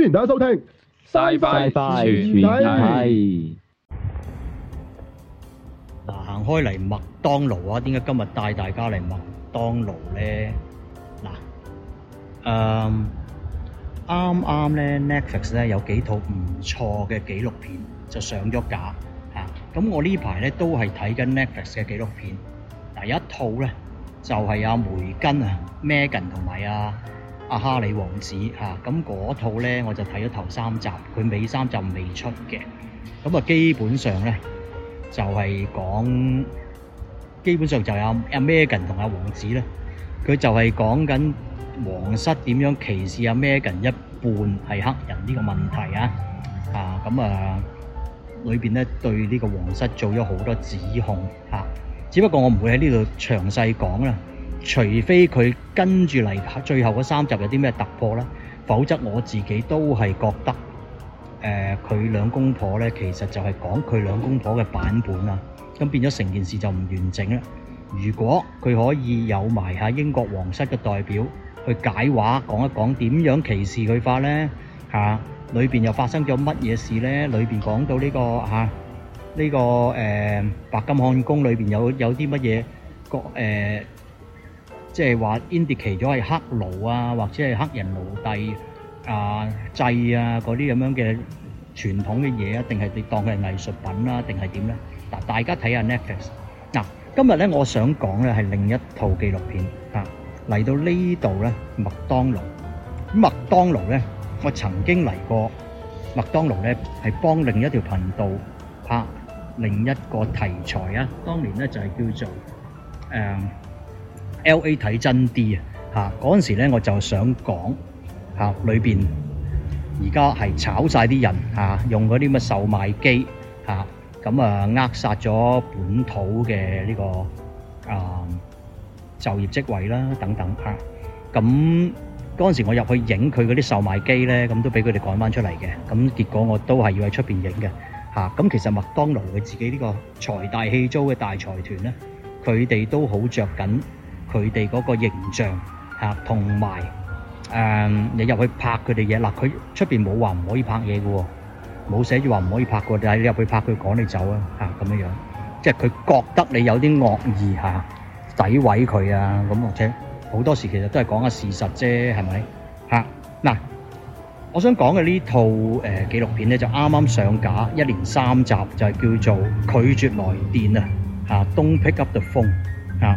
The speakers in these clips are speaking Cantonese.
歡迎大家收聽，拜拜拜拜。嗱，行開嚟麥當勞啊！點解今日帶大家嚟麥當勞咧？嗱，誒，啱啱咧 Netflix 咧有幾套唔錯嘅紀錄片就上咗架吓。咁我呢排咧都係睇緊 Netflix 嘅紀錄片。第一套咧就係阿梅根啊，Megan 同埋啊。阿、啊、哈利王子嚇，咁嗰套咧我就睇咗頭三集，佢尾三集未出嘅。咁啊，基本上咧就係、是、講，基本上就有阿 Megan 同阿王子啦。佢就係講緊皇室點樣歧視阿、啊、Megan 一半係黑人呢個問題啊！啊，咁啊裏邊咧對呢個皇室做咗好多指控嚇、啊，只不過我唔會喺呢度詳細講啦。除非佢跟住嚟最後嗰三集有啲咩突破呢？否則我自己都係覺得，誒佢兩公婆呢，其實就係講佢兩公婆嘅版本啊，咁變咗成件事就唔完整啦。如果佢可以有埋下英國皇室嘅代表去解話，講一講點樣歧視佢法呢嚇，裏、啊、邊又發生咗乜嘢事呢？裏邊講到呢、這個嚇呢、啊這個誒、呃、白金漢宮裏邊有有啲乜嘢個誒？即係話，indicate 咗係黑奴啊，或者係黑人奴隸啊、制啊嗰啲咁樣嘅傳統嘅嘢啊，定係你當佢係藝術品啦，定係點咧？嗱，大家睇下 Netflix。嗱，今日咧我想講咧係另一套紀錄片啊，嚟到呢度咧麥當勞。麥當勞咧，我曾經嚟過麥當勞咧，係幫另一條頻道拍另一個題材啊。當年咧就係叫做誒。L.A. 睇真 D 啊！嚇，嗰陣時咧我就想講嚇，裏邊而家係炒曬啲人嚇，用嗰啲乜售賣機嚇，咁啊扼殺咗本土嘅呢個啊就業職位啦等等嚇。咁嗰陣時我入去影佢嗰啲售賣機咧，咁都俾佢哋趕翻出嚟嘅。咁結果我都係要喺出邊影嘅嚇。咁其實麥當勞佢自己呢個財大氣粗嘅大財團咧，佢哋都好著緊。佢哋嗰個形象嚇，同埋誒你入去拍佢哋嘢嗱，佢出邊冇話唔可以拍嘢嘅喎，冇寫住話唔可以拍嘅喎，但係你入去拍佢趕你走啊嚇咁樣樣，即係佢覺得你有啲惡意嚇，詆毀佢啊咁，或者好多時其實都係講下事實啫，係咪嚇嗱？我想講嘅呢套誒紀錄片咧，就啱啱上架，一連三集就係叫做《拒絕來電》啊嚇，Don't pick up the phone 嚇。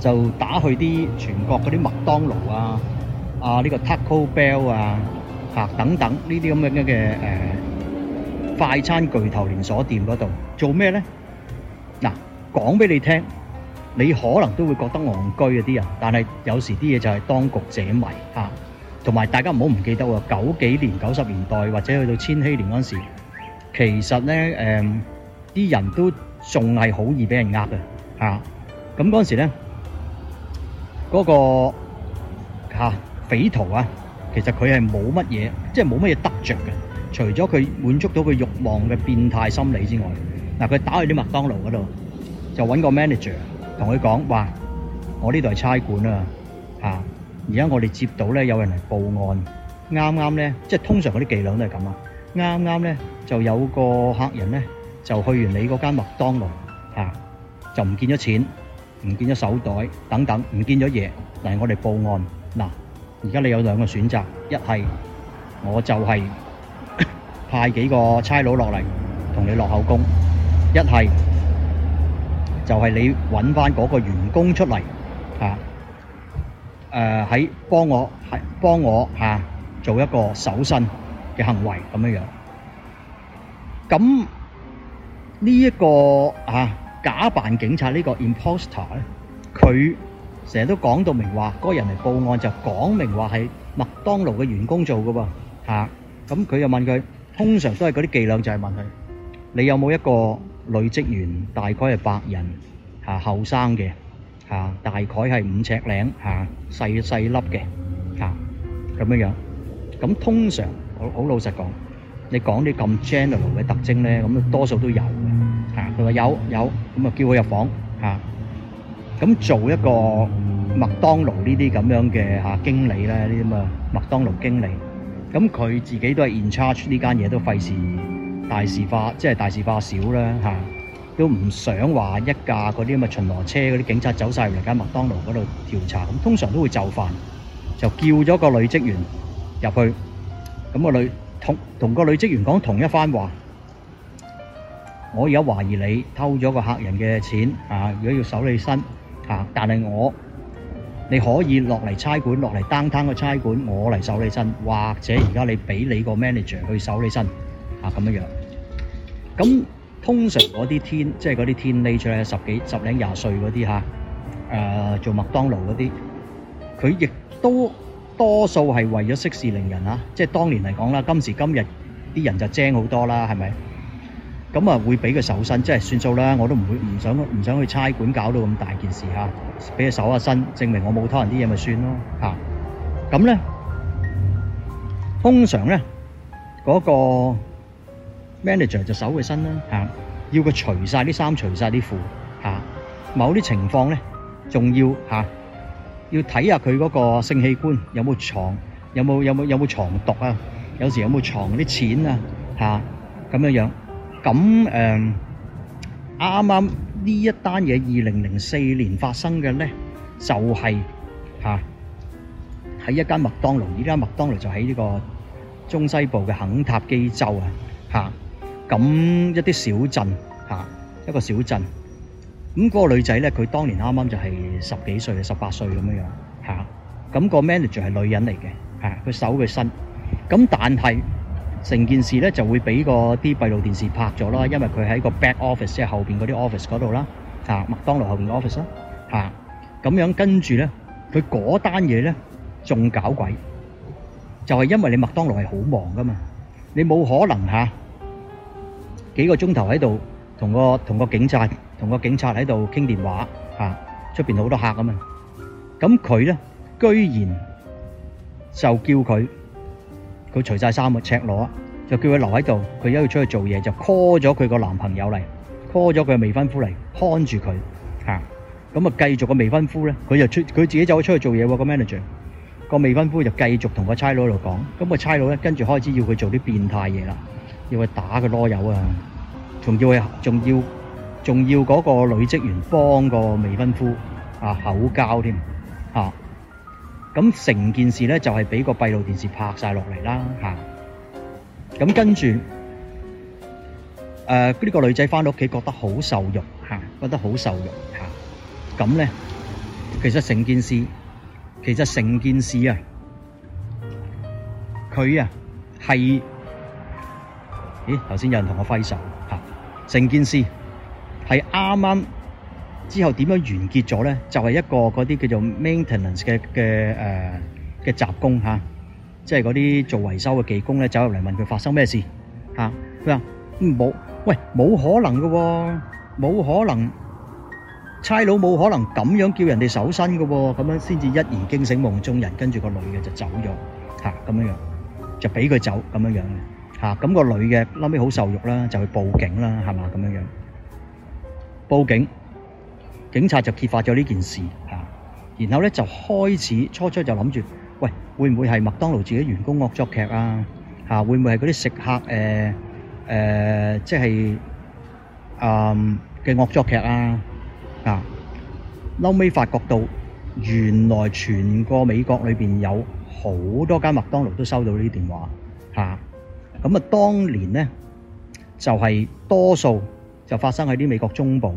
就打去啲全國嗰啲麥當勞啊，啊呢個 Taco Bell 啊嚇，等等呢啲咁樣嘅誒快餐巨頭連鎖店嗰度做咩咧？嗱講俾你聽，你可能都會覺得戇居啊啲人，但係有時啲嘢就係當局者迷嚇，同埋大家唔好唔記得喎，九幾年九十年代或者去到千禧年嗰陣時，其實咧誒啲人都仲係好易俾人呃嘅嚇，咁嗰陣時咧。嗰個嚇匪徒啊，其實佢係冇乜嘢，即係冇乜嘢得著嘅，除咗佢滿足到佢慾望嘅變態心理之外，嗱佢打去啲麥當勞嗰度，就揾個 manager 同佢講話：我呢度係差館啊嚇，而家我哋接到咧有人嚟報案，啱啱咧即係通常嗰啲伎倆都係咁啊，啱啱咧就有個客人咧就去完你嗰間麥當勞嚇，就唔見咗錢。唔見咗手袋等等，唔見咗嘢，嚟我哋報案嗱。而家你有兩個選擇，一係我就係派幾個差佬落嚟同你落口供，一係就係你揾翻嗰個員工出嚟吓，誒喺幫我係幫我吓做一個守身嘅行為咁樣樣。咁呢一個吓。假扮警察呢個 imposter 咧，佢成日都講到明話，嗰人嚟報案就講明話係麥當勞嘅員工做嘅噃，嚇。咁佢又問佢，通常都係嗰啲伎倆就係問佢，你有冇一個女職員，大概係白人，嚇後生嘅，嚇大概係五尺零，嚇細細粒嘅，嚇咁樣樣。咁通常，我好老實講。你講啲咁 general 嘅特徵咧，咁多數都有嚇。佢話有有，咁啊叫佢入房嚇。咁做一個麥當勞呢啲咁樣嘅嚇經理咧，呢啲咁嘅麥當勞經理，咁佢自己都係 in charge 呢間嘢，都費事大事化即係大事化小啦嚇。都唔想話一架嗰啲咁嘅巡邏車嗰啲警察走晒入嚟間麥當勞嗰度調查，咁通常都會就範，就叫咗個女職員入去，咁個女。同同個女職員講同一番話，我而家懷疑你偷咗個客人嘅錢啊！如果要守你身啊，但係我你可以落嚟差館，落嚟擔攤個差館，我嚟守你身，或者而家你俾你個 manager 去守你身啊！咁樣樣，咁通常嗰啲天即係嗰啲天匿出嚟十幾十零廿歲嗰啲嚇，誒做麥當勞嗰啲，佢亦都。多數係為咗息事寧人嚇，即係當年嚟講啦，今時今日啲人就精好多啦，係咪？咁啊，會俾佢搜身，即係算數啦，我都唔會唔想唔想去差館搞到咁大件事嚇，俾佢搜下身，證明我冇偷人啲嘢咪算咯嚇。咁咧，通常咧嗰個 manager 就搜佢身啦嚇，要佢除曬啲衫，除曬啲褲嚇。某啲情況咧，仲要嚇。要睇下佢嗰個性器官有冇藏，有冇有冇有冇藏毒啊？有時有冇藏啲錢啊？嚇咁樣樣。咁誒啱啱呢一單嘢，二零零四年發生嘅咧，就係嚇喺一間麥當勞。而家麥當勞就喺呢個中西部嘅肯塔基州啊，嚇咁一啲小鎮嚇一個小鎮。咁個女仔咧，佢當年啱啱就係十幾歲，十八歲咁樣樣嚇。咁個 manager 係女人嚟嘅嚇，佢守佢身。咁但係成件事咧就會俾個啲閉路電視拍咗啦，因為佢喺個 back office，即係後邊嗰啲 office 嗰度啦嚇，麥當勞後邊嘅 office 啦嚇。咁樣跟住咧，佢嗰單嘢咧仲搞鬼，就係因為你麥當勞係好忙㗎嘛，你冇可能嚇幾個鐘頭喺度。同個同個警察同個警察喺度傾電話嚇，出、啊、面好多客咁嘛。咁佢咧居然就叫佢佢除晒衫，赤裸，就叫佢留喺度。佢一路出去做嘢，就 call 咗佢個男朋友嚟 ，call 咗佢未婚夫嚟 看住佢嚇。咁啊，繼續個未婚夫咧，佢就出佢自己走咗出去做嘢喎、個 manager，個未婚夫就繼續同個差佬喺度講。咁、個差佬咧跟住開始要佢做啲變態嘢啦，要佢打個囉柚啊！仲要係，仲要仲要嗰個女職員幫個未婚夫啊口交添，啊！咁成件事咧就係俾個閉路電視拍晒落嚟啦，吓！咁跟住誒呢個女仔返到屋企覺得好受辱吓，覺得好受辱吓，咁咧其實成件事，其實成件事啊，佢啊係，咦，頭先有人同我揮手。成件事係啱啱之後點樣完結咗咧？就係一個嗰啲叫做 maintenance 嘅嘅誒嘅雜工嚇，即係嗰啲做維修嘅技工咧走入嚟問佢發生咩事嚇，佢話冇喂冇可能嘅喎，冇可能差佬冇可能咁樣叫人哋搜身嘅喎，咁樣先至一言驚醒夢中人，跟住個女嘅就走咗嚇，咁樣樣就俾佢走咁樣樣嘅。嚇，咁個女嘅，嬲尾好受辱啦，就去報警啦，係嘛咁樣樣？報警，警察就揭發咗呢件事，嚇。然後咧就開始初初就諗住，喂，會唔會係麥當勞自己員工惡作劇啊？嚇，會唔會係嗰啲食客誒誒，即係誒嘅惡作劇啊？啊，嬲尾發覺到，原來全個美國裏邊有好多間麥當勞都收到呢啲電話，嚇。咁啊，當年咧就係、是、多數就發生喺啲美國中部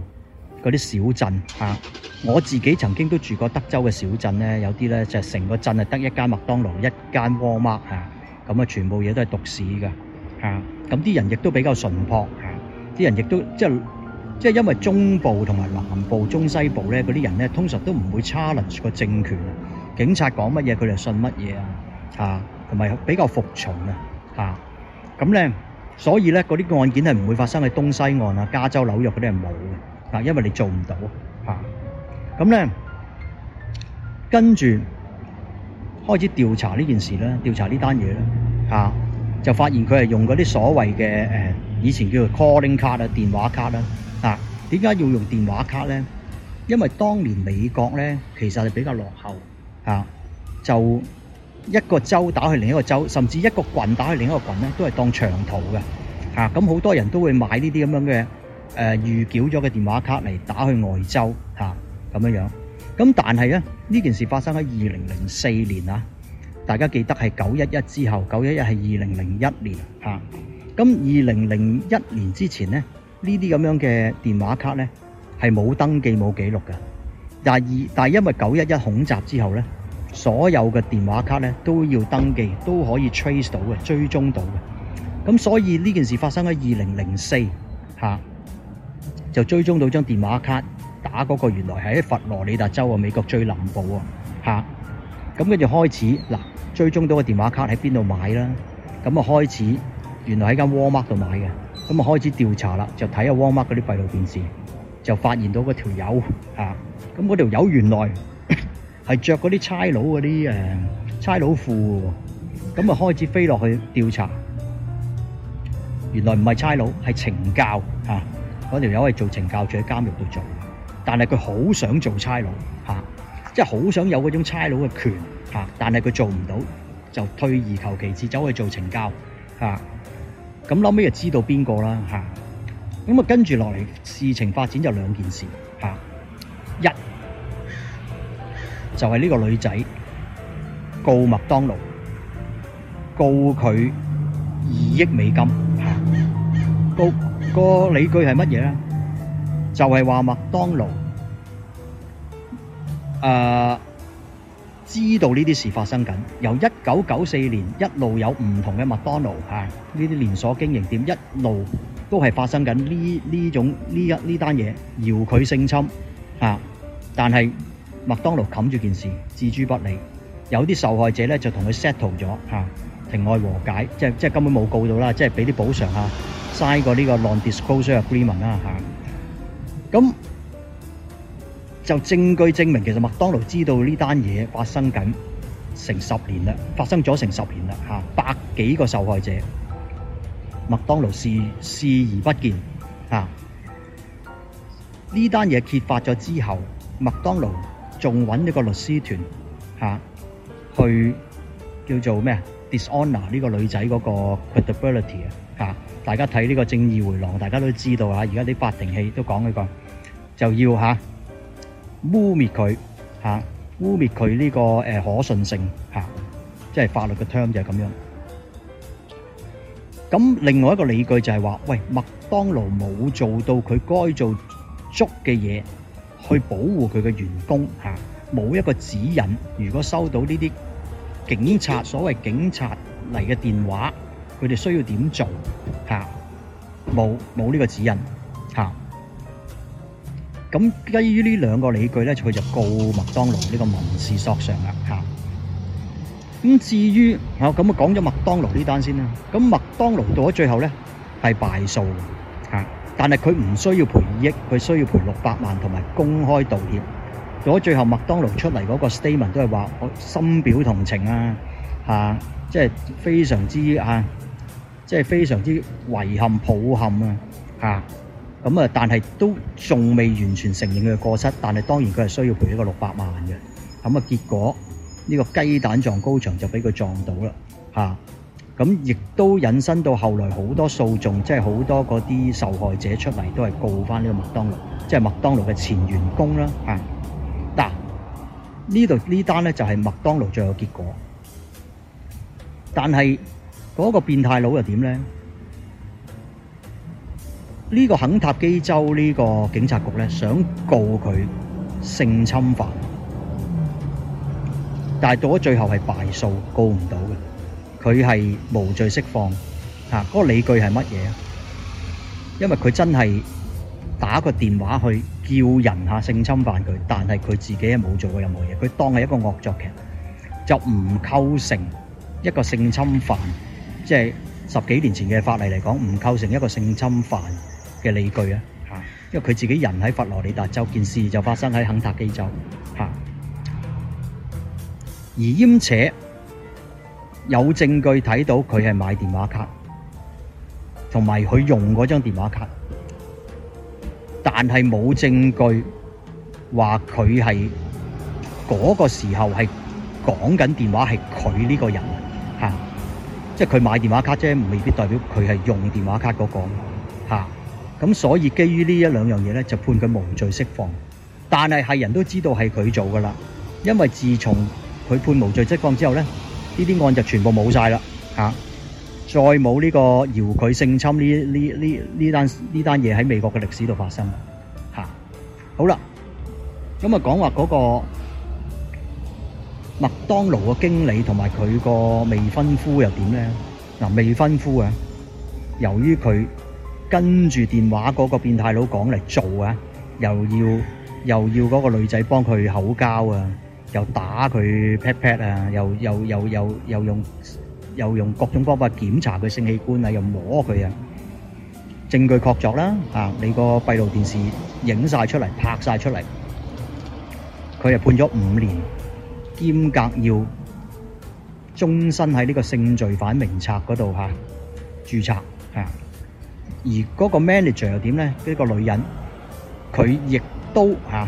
嗰啲小鎮嚇、啊。我自己曾經都住過德州嘅小鎮咧，有啲咧就成、是、個鎮啊得一間麥當勞、一間 Walmart 嚇、啊，咁啊全部嘢都係獨市噶嚇。咁、啊、啲、啊、人亦都比較淳樸嚇，啲、啊、人亦都即係即係因為中部同埋南部中西部咧嗰啲人咧，通常都唔會 challenge 個政權，警察講乜嘢佢哋信乜嘢啊嚇，同埋比較服從啊嚇。咁咧，所以咧嗰啲案件係唔會發生喺東西岸啊、加州、紐約嗰啲係冇嘅，嗱，因為你做唔到嚇。咁、啊、咧，跟住開始調查呢件事咧，調查呢單嘢咧，嚇、啊、就發現佢係用嗰啲所謂嘅誒、呃，以前叫做 calling card 啊、電話卡啦，嗱，點解要用電話卡咧？因為當年美國咧其實係比較落後嚇、啊，就。一個州打去另一個州，甚至一個郡打去另一個郡咧，都係當長途嘅吓。咁好多人都會買呢啲咁樣嘅誒預繳咗嘅電話卡嚟打去外州吓，咁樣樣。咁但係咧呢件事發生喺二零零四年啊，大家記得係九一一之後，九一一係二零零一年吓。咁二零零一年之前咧，呢啲咁樣嘅電話卡咧係冇登記冇記錄嘅。廿二，但係因為九一一恐襲之後咧。所有嘅電話卡咧都要登記，都可以 trace 到嘅，追蹤到嘅。咁所以呢件事發生喺二零零四吓，就追蹤到張電話卡打嗰個原來係喺佛羅里達州啊，美國最南部啊吓。咁跟住開始嗱、啊，追蹤到個電話卡喺邊度買啦。咁啊開始，原來喺間 m 爾瑪度買嘅。咁啊開始調查啦，就睇下沃 m 瑪嗰啲閉路電視，就發現到嗰條友吓。咁嗰條友原來。係着嗰啲差佬嗰啲誒差佬褲，咁啊開始飛落去調查。原來唔係差佬，係懲教嚇。嗰條友係做懲教，住、啊、喺、那個、監獄度做，但係佢好想做差佬嚇，即係好想有嗰種差佬嘅權嚇、啊，但係佢做唔到，就退而求其次走去做懲教嚇。咁諗尾就知道邊個啦嚇。咁啊跟住落嚟事情發展就兩件事嚇、啊，一。就係呢個女仔告麥當勞，告佢二億美金。告個理據係乜嘢咧？就係話麥當勞誒知道呢啲事發生緊，由一九九四年一路有唔同嘅麥當勞嚇，呢啲連鎖經營店一路都係發生緊呢呢種呢一呢單嘢，遙距性侵嚇。但係麥當勞冚住件事，置諸不理。有啲受害者咧就同佢 settle 咗，嚇庭外和解，即係即係根本冇告到啦，即係俾啲補償嚇，嘥、啊、過呢個 non-disclosure agreement 啦、啊、咁就證據證明，其實麥當勞知道呢單嘢發生緊成十年啦，發生咗成十年啦、啊、百幾個受害者，麥當勞視視而不見啊，呢單嘢揭發咗之後，麥當勞。仲揾一個律師團吓去叫做咩啊？dishonour 呢個女仔嗰個 credibility 啊吓！大家睇呢個正義迴廊，大家都知道吓。而家啲法庭戲都講呢個就要吓污蔑佢，吓污蔑佢呢個誒可信性吓，即係法律嘅 term 就係咁樣。咁另外一個理據就係話，喂麥當勞冇做到佢該做足嘅嘢。去保護佢嘅員工嚇，冇一個指引。如果收到呢啲警察，所謂警察嚟嘅電話，佢哋需要點做嚇？冇冇呢個指引嚇？咁基於呢兩個理據咧，佢就告麥當勞呢個民事索償啦嚇。咁至於嚇咁啊，講咗麥當勞呢單先啦。咁麥當勞到咗最後咧，係敗訴嘅。但係佢唔需要賠億，佢需要賠六百萬同埋公開道歉。如果最後麥當勞出嚟嗰個 statement 都係話我深表同情啊，嚇、啊，即係非常之啊，即係非常之遺憾抱憾啊，嚇。咁啊，但係都仲未完全承認佢嘅過失，但係當然佢係需要賠一個六百萬嘅。咁啊，結果呢、呢個雞蛋撞高牆就俾佢撞到啦，嚇、啊。咁亦都引申到後來好多訴訟，即係好多嗰啲受害者出嚟都係告翻呢個麥當勞，即係麥當勞嘅前員工啦。啊，但，呢度呢單咧就係麥當勞最後結果，但係嗰個變態佬又點咧？呢個肯塔基州呢個警察局咧想告佢性侵犯，但係到咗最後係敗訴，告唔到嘅。佢係無罪釋放，嚇嗰個理據係乜嘢啊？因為佢真係打個電話去叫人嚇性侵犯佢，但係佢自己係冇做過任何嘢，佢當係一個惡作劇，就唔構成一個性侵犯，即係十幾年前嘅法例嚟講，唔構成一個性侵犯嘅理據啊！嚇，因為佢自己人喺佛羅里達州，件事就發生喺肯塔基州，嚇，而兼且。有證據睇到佢係買電話卡，同埋佢用嗰張電話卡，但係冇證據話佢係嗰個時候係講緊電話係佢呢個人嚇，即係佢買電話卡啫，未必代表佢係用電話卡嗰個嚇。咁所以基於呢一兩樣嘢咧，就判佢無罪釋放。但係係人都知道係佢做噶啦，因為自從佢判無罪釋放之後咧，呢啲案就全部冇晒啦，吓，再冇呢個遙距性侵呢呢呢呢單呢單嘢喺美國嘅歷史度發生，吓，好啦，咁啊講話嗰個麥當勞嘅經理同埋佢個未婚夫又點咧？嗱，未婚夫啊，由於佢跟住電話嗰個變態佬講嚟做啊，又要又要嗰個女仔幫佢口交啊。又打佢 pat pat 啊，又又又又又用又用各種方法檢查佢性器官啊，又摸佢啊，證據確鑿啦啊！你個閉路電視影曬出嚟，拍曬出嚟，佢啊判咗五年，兼夾要終身喺呢個性罪犯名冊嗰度嚇註冊嚇，而嗰個 manager 又點咧？呢個女人佢亦都嚇。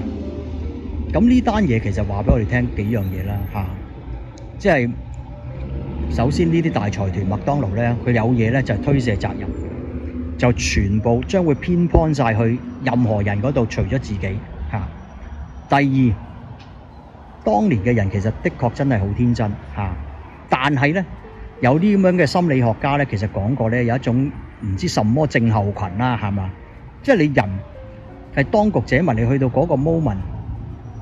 咁呢單嘢其實話俾我哋聽幾樣嘢啦，嚇，即係首先呢啲大財團麥當勞咧，佢有嘢咧就係推卸責任，就全部將會偏幫曬去任何人嗰度，除咗自己嚇。第二，當年嘅人其實的確真係好天真嚇，但係咧有啲咁樣嘅心理學家咧，其實講過咧有一種唔知什麼症候群啦，係嘛？即係你人係當局者迷，你去到嗰個 moment。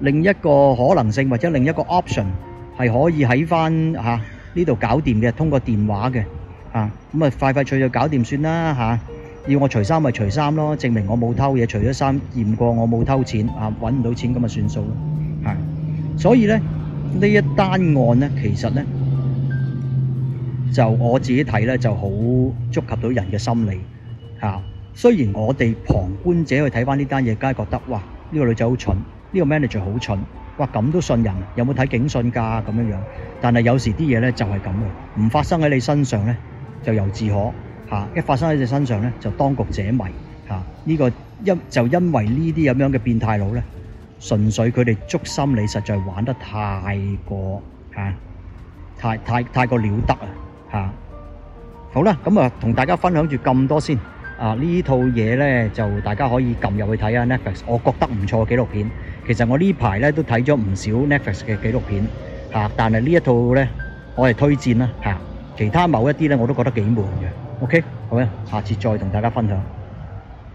另一個可能性或者另一個 option 係可以喺翻嚇呢度搞掂嘅，通過電話嘅啊，咁啊快快脆脆搞掂算啦嚇。要我除衫咪除衫咯，證明我冇偷嘢，除咗衫驗過我冇偷錢啊，揾唔到錢咁啊算數啦。嚇，所以咧呢一單案咧，其實咧就我自己睇咧就好觸及到人嘅心理嚇。雖然我哋旁觀者去睇翻呢單嘢，梗係覺得哇呢個女仔好蠢。呢個 manager 好蠢，哇咁都信人？有冇睇警訊噶咁樣樣？但係有時啲嘢咧就係咁嘅，唔發生喺你身上咧就由自可嚇，一發生喺你身上咧就當局者迷嚇。呢個因就因為呢啲咁樣嘅變態佬咧，純粹佢哋捉心理實在玩得太過嚇，太太太過了得啊嚇。好啦，咁啊同大家分享住咁多先。啊！呢套嘢呢，就大家可以撳入去睇下。Netflix，我覺得唔錯嘅紀錄片。其實我呢排呢都睇咗唔少 Netflix 嘅紀錄片，啊，但係呢一套呢，我係推薦啦，啊啊，其他某一啲呢，我都覺得幾悶嘅。OK，好啦，啊，下次再同大家分享。